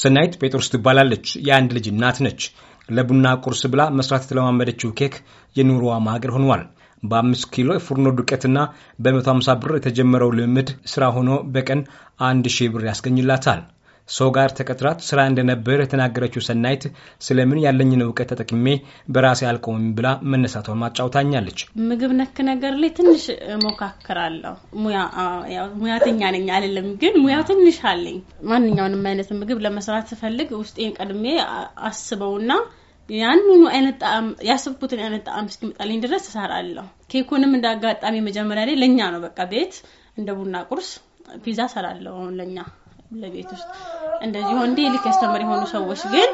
ሰናይት ጴጥሮስ ትባላለች። የአንድ ልጅ እናት ነች። ለቡና ቁርስ ብላ መስራት የተለማመደችው ኬክ የኑሮዋ ማገር ሆኗል። በአምስት ኪሎ የፉርኖ ዱቄትና በመቶ ሃምሳ ብር የተጀመረው ልምምድ ስራ ሆኖ በቀን አንድ ሺህ ብር ያስገኝላታል። ሰው ጋር ተቀጥራት ስራ እንደነበር የተናገረችው ሰናይት ስለምን ያለኝን እውቀት ተጠቅሜ በራሴ አልቆምም ብላ መነሳቷን ማጫውታኛለች። ምግብ ነክ ነገር ላይ ትንሽ ሞካክራለሁ። ሙያተኛ ነኝ አይደለም፣ ግን ሙያ ትንሽ አለኝ። ማንኛውንም አይነት ምግብ ለመስራት ስፈልግ ውስጤን ቀድሜ አስበውና ያንኑ አይነት ጣዕም ያስብኩትን አይነት ጣዕም እስኪመጣልኝ ድረስ እሰራለሁ። ኬኩንም እንደ አጋጣሚ መጀመሪያ ላይ ለእኛ ነው በቃ ቤት እንደ ቡና ቁርስ ፒዛ ሰራለሁ ለእኛ ለቤት ውስጥ እንደዚህ ወንዴ ልክ ያስተምር የሆኑ ሰዎች ግን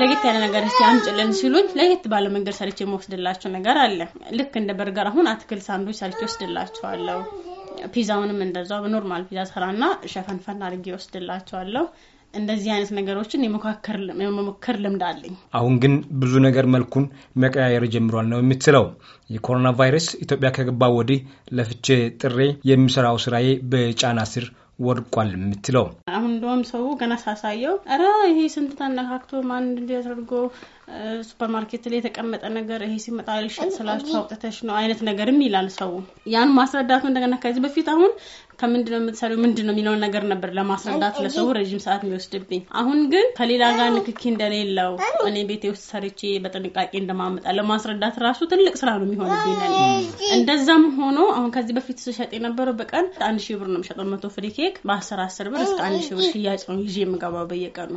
ለየት ያለ ነገር እስቲ አምጭልን ሲሉኝ ለየት ባለ መንገድ ሰርቼ የምወስድላቸው ነገር አለ። ልክ እንደ በርገር አሁን አትክልት ሳንዱች ሰርቼ ወስድላቸዋለሁ። ፒዛውንም እንደዛ በኖርማል ፒዛ ሰራና ሸፈንፈን አድርጌ ወስድላቸዋለሁ። እንደዚህ አይነት ነገሮችን የመሞከር ልምድ አለኝ። አሁን ግን ብዙ ነገር መልኩን መቀያየር ጀምሯል ነው የምትለው። የኮሮና ቫይረስ ኢትዮጵያ ከገባ ወዲህ ለፍቼ ጥሬ የሚሰራው ስራዬ በጫና ስር ወድቋል የምትለው አሁን እንደውም ሰው ገና ሳሳየው ረ ይሄ ስንት ተነካክቶ ማን እንዲያደርጎ አድርጎ ሱፐርማርኬት ላይ የተቀመጠ ነገር ይሄ ሲመጣ ልሸጥ ስላችሁ አውጥተሽ ነው አይነት ነገርም ይላል ሰው። ያን ማስረዳቱ እንደገና ከዚህ በፊት አሁን ከምንድነው ነው የምትሰሪው ምንድን ነው የሚለውን ነገር ነበር ለማስረዳት ለሰው ረዥም ሰዓት የሚወስድብኝ። አሁን ግን ከሌላ ጋር ንክኪ እንደሌለው እኔ ቤቴ ውስጥ ሰርቼ በጥንቃቄ እንደማመጣ ለማስረዳት ራሱ ትልቅ ስራ ነው የሚሆንብኝ። እንደዛም ሆኖ አሁን ከዚህ በፊት ስሸጥ የነበረው በቀን አንድ ሺህ ብር ነው የሚሸጠው መቶ ፍሪ ኬክ በአስር አስር ብር እስከ አንድ ሺህ ብር ሽያጭ ነው ይዤ የምገባው በየቀኑ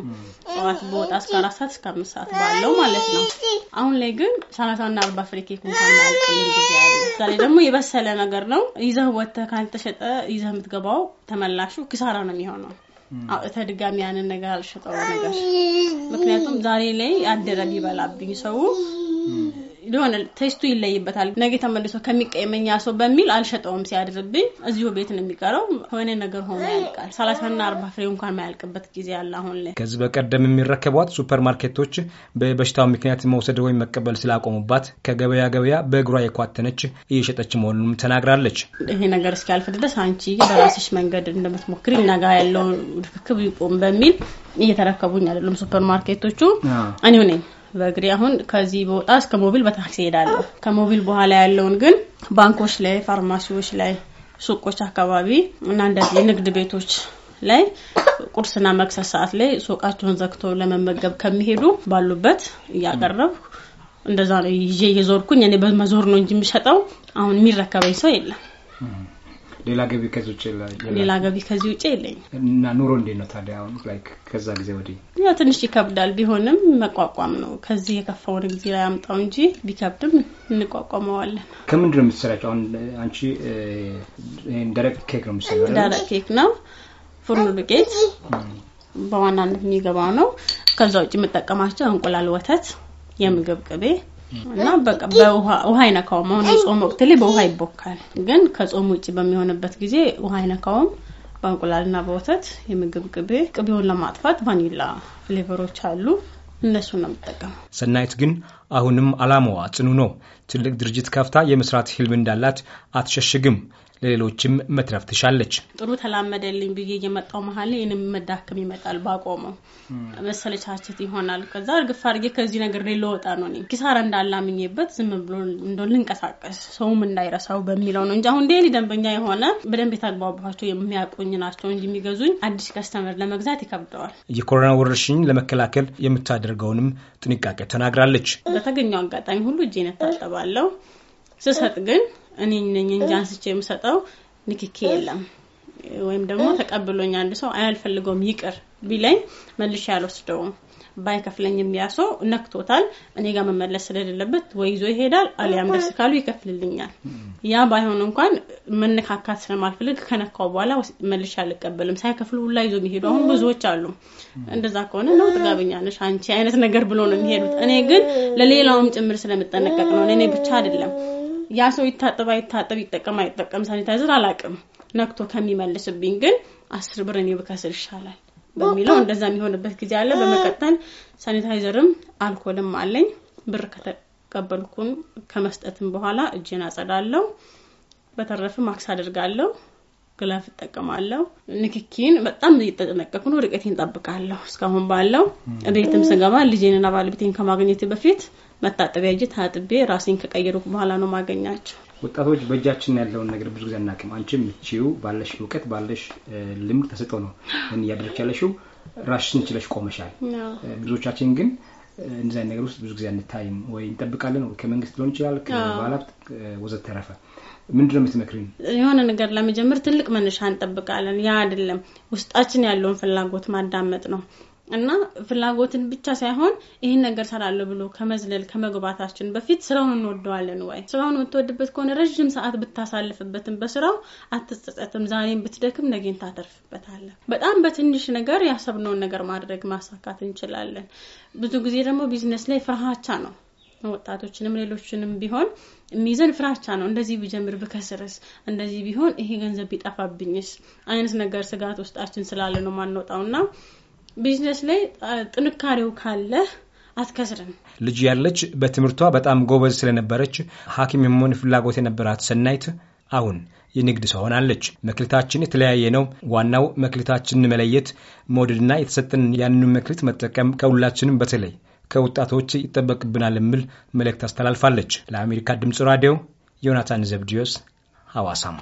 ጠዋት በወጣ እስከ አራት ሰዓት እስከ አምስት ሰዓት ባለው ማለት ነው። አሁን ላይ ግን ሰላሳ ና አርባ ፍሪ ኬክ እንኳን ዛሬ ደግሞ የበሰለ ነገር ነው ይዘህ ወጥተህ ካልተሸጠ ይዘህ ከምትገባው ተመላሹ ኪሳራ ነው የሚሆነው። አውጥተህ ድጋሚ ያንን ነገር አልሸጠው ነገር ምክንያቱም ዛሬ ላይ አደረ ቢበላብኝ ሰው የሆነ ቴስቱ ይለይበታል። ነገ ተመልሶ ከሚቀየመኛ ሰው በሚል አልሸጠውም። ሲያድርብኝ እዚሁ ቤት ነው የሚቀረው። ሆነ ነገር ሆኖ ያልቃል። ሰላሳና አርባ ፍሬ እንኳን ማያልቅበት ጊዜ አለ አሁን ላይ። ከዚህ በቀደም የሚረከቧት ሱፐር ማርኬቶች በበሽታው ምክንያት መውሰድ ወይም መቀበል ስላቆሙባት ከገበያ ገበያ በእግሯ የኳተነች እየሸጠች መሆኑንም ተናግራለች። ይሄ ነገር እስኪያልፍ ድረስ አንቺ በራስሽ መንገድ እንደምትሞክሪ እናጋ ያለውን ርክክብ ይቆም በሚል እየተረከቡኝ አይደለም ሱፐር ማርኬቶቹ እኔ ነኝ በእግሬ አሁን ከዚህ በወጣ እስከ ሞቢል በታክሲ ሄዳለሁ። ከሞቢል በኋላ ያለውን ግን ባንኮች ላይ፣ ፋርማሲዎች ላይ፣ ሱቆች አካባቢ እና እንደዚህ ንግድ ቤቶች ላይ ቁርስና መክሰስ ሰዓት ላይ ሱቃቸውን ዘግተው ለመመገብ ከሚሄዱ ባሉበት እያቀረብኩ እንደዛ ነው ይዤ እየዞርኩኝ እኔ በመዞር ነው እንጂ የምሸጠው። አሁን የሚረከበኝ ሰው የለም። ሌላ ገቢ ከዚህ ውጭ ሌላ ገቢ ከዚህ ውጭ የለኝ እና ኑሮ እንዴት ነው ታዲያ አሁን ላይክ ከዛ ጊዜ ወዲህ? ያው ትንሽ ይከብዳል፣ ቢሆንም መቋቋም ነው። ከዚህ የከፋውን ጊዜ ላይ አምጣው እንጂ ቢከብድም እንቋቋመዋለን። ከምንድን ነው የምትሰራቸው አሁን አንቺ? ደረቅ ኬክ ነው የምትሰራው? ደረቅ ኬክ ነው ፉርኑ ዱቄት በዋናነት የሚገባው ነው። ከዛ ውጭ የምጠቀማቸው እንቁላል፣ ወተት፣ የምግብ ቅቤ እና በቃ በውሃ አይነካውም። አሁን የጾም ወቅት ላይ በውሃ ይቦካል፣ ግን ከጾም ውጭ በሚሆንበት ጊዜ ውሃ አይነካውም። በእንቁላልና በወተት የምግብ ቅቤ ቅቤውን ለማጥፋት ቫኒላ ፍሌቨሮች አሉ። እነሱን ነው የምጠቀመው። ሰናይት ግን አሁንም ዓላማዋ ጽኑ ነው። ትልቅ ድርጅት ከፍታ የመስራት ህልም እንዳላት አትሸሽግም። ለሌሎችም መትረፍ ትሻለች። ጥሩ ተላመደልኝ ብዬ እየመጣው መሀል ይህንም መዳከም ይመጣል። ባቆመው መሰለቻችት ይሆናል። ከዛ እርግፍ አድርጌ ከዚህ ነገር ላይ ለወጣ ነው። እኔ ኪሳራ እንዳላምኝበት ዝም ብሎ እንደ ልንቀሳቀስ ሰውም እንዳይረሳው በሚለው ነው እንጂ አሁን ዴይሊ ደንበኛ የሆነ በደንብ የታግባባቸው የሚያቆኝ ናቸው እንጂ የሚገዙኝ አዲስ ከስተመር ለመግዛት ይከብደዋል። የኮሮና ወረርሽኝ ለመከላከል የምታደርገውንም ጥንቃቄ ተናግራለች። በተገኘው አጋጣሚ ሁሉ እጄን እታጠባለሁ። ስሰጥ ግን እኔ ነኝ እንጂ አንስቼ የምሰጠው ንክኬ የለም። ወይም ደግሞ ተቀብሎኝ አንድ ሰው አያልፈልገውም ይቅር ቢለኝ መልሼ አልወስደውም። ባይከፍለኝ የሚያሰው ሰው ነክቶታል። እኔ ጋር መመለስ ስለሌለበት ወይ ይዞ ይሄዳል፣ አሊያም ደስ ካሉ ይከፍልልኛል። ያ ባይሆን እንኳን መነካካት ስለማልፈልግ ከነካው በኋላ መልሻ አልቀበልም። ሳይከፍሉ ሁላ ይዞ የሚሄዱ አሁን ብዙዎች አሉ። እንደዛ ከሆነ ነው ጥጋበኛ ነሽ አንቺ አይነት ነገር ብሎ ነው የሚሄዱት። እኔ ግን ለሌላውም ጭምር ስለምጠነቀቅ ነው። እኔ ብቻ አይደለም ያ ሰው ይታጠብ አይታጠብ ይጠቀም አይጠቀም ሳኒታይዘር አላቅም። ነክቶ ከሚመልስብኝ ግን አስር ብር እኔ ብከስል ይሻላል። በሚለው እንደዛ የሚሆንበት ጊዜ አለ። በመቀጠል ሳኒታይዘርም አልኮልም አለኝ። ብር ከተቀበልኩን ከመስጠትም በኋላ እጄን አጸዳለው በተረፈ ማክስ አድርጋለሁ፣ ግላፍ እጠቀማለሁ። ንክኪን በጣም እየተጠነቀቅኩ ነው። ርቀቴን ጠብቃለሁ። እስካሁን ባለው ቤትም ስገባ ልጄንና ባለቤቴን ከማግኘት በፊት መታጠቢያ እጅ ታጥቤ ራሴን ከቀየሩ በኋላ ነው ማገኛቸው። ወጣቶች በእጃችን ያለውን ነገር ብዙ ጊዜ አናውቅም። አንቺም ምቺው ባለሽ እውቀት ባለሽ ልምድ ተሰጠው ነው ምን እያደረግሽ ያለሽው ራሽን ችለሽ ቆመሻል። ብዙዎቻችን ግን እንደዚህ ነገር ውስጥ ብዙ ጊዜ አንታይም ወይ እንጠብቃለን፣ ከመንግስት ሊሆን ይችላል፣ ከባለሀብት ወዘተረፈ። ምንድነው የምትመክሪኝ? የሆነ ነገር ለመጀመር ትልቅ መነሻ እንጠብቃለን። ያ አይደለም፣ ውስጣችን ያለውን ፍላጎት ማዳመጥ ነው። እና ፍላጎትን ብቻ ሳይሆን ይህን ነገር ሰራለሁ ብሎ ከመዝለል ከመግባታችን በፊት ስራውን እንወደዋለን ወይ? ስራውን የምትወድበት ከሆነ ረዥም ሰዓት ብታሳልፍበትም በስራው አትጸጸትም። ዛሬን ብትደክም ነገን ታተርፍበታለህ። በጣም በትንሽ ነገር ያሰብነውን ነገር ማድረግ ማሳካት እንችላለን። ብዙ ጊዜ ደግሞ ቢዝነስ ላይ ፍርሃቻ ነው ወጣቶችንም ሌሎችንም ቢሆን የሚይዘን ፍራቻ ነው። እንደዚህ ቢጀምር ብከስርስ፣ እንደዚህ ቢሆን ይሄ ገንዘብ ቢጠፋብኝስ አይነት ነገር ስጋት ውስጣችን ስላለ ነው ማንወጣው እና ቢዝነስ ላይ ጥንካሬው ካለ አትከስርም። ልጅ ያለች በትምህርቷ በጣም ጎበዝ ስለነበረች ሐኪም የመሆን ፍላጎት የነበራት ሰናይት አሁን የንግድ ሰው ሆናለች። መክሊታችን የተለያየ ነው። ዋናው መክሊታችንን መለየት መውደድና የተሰጠን ያንኑ መክሊት መጠቀም ከሁላችንም በተለይ ከወጣቶች ይጠበቅብናል የሚል መልእክት አስተላልፋለች። ለአሜሪካ ድምፅ ራዲዮ ዮናታን ዘብዲዮስ ሐዋሳም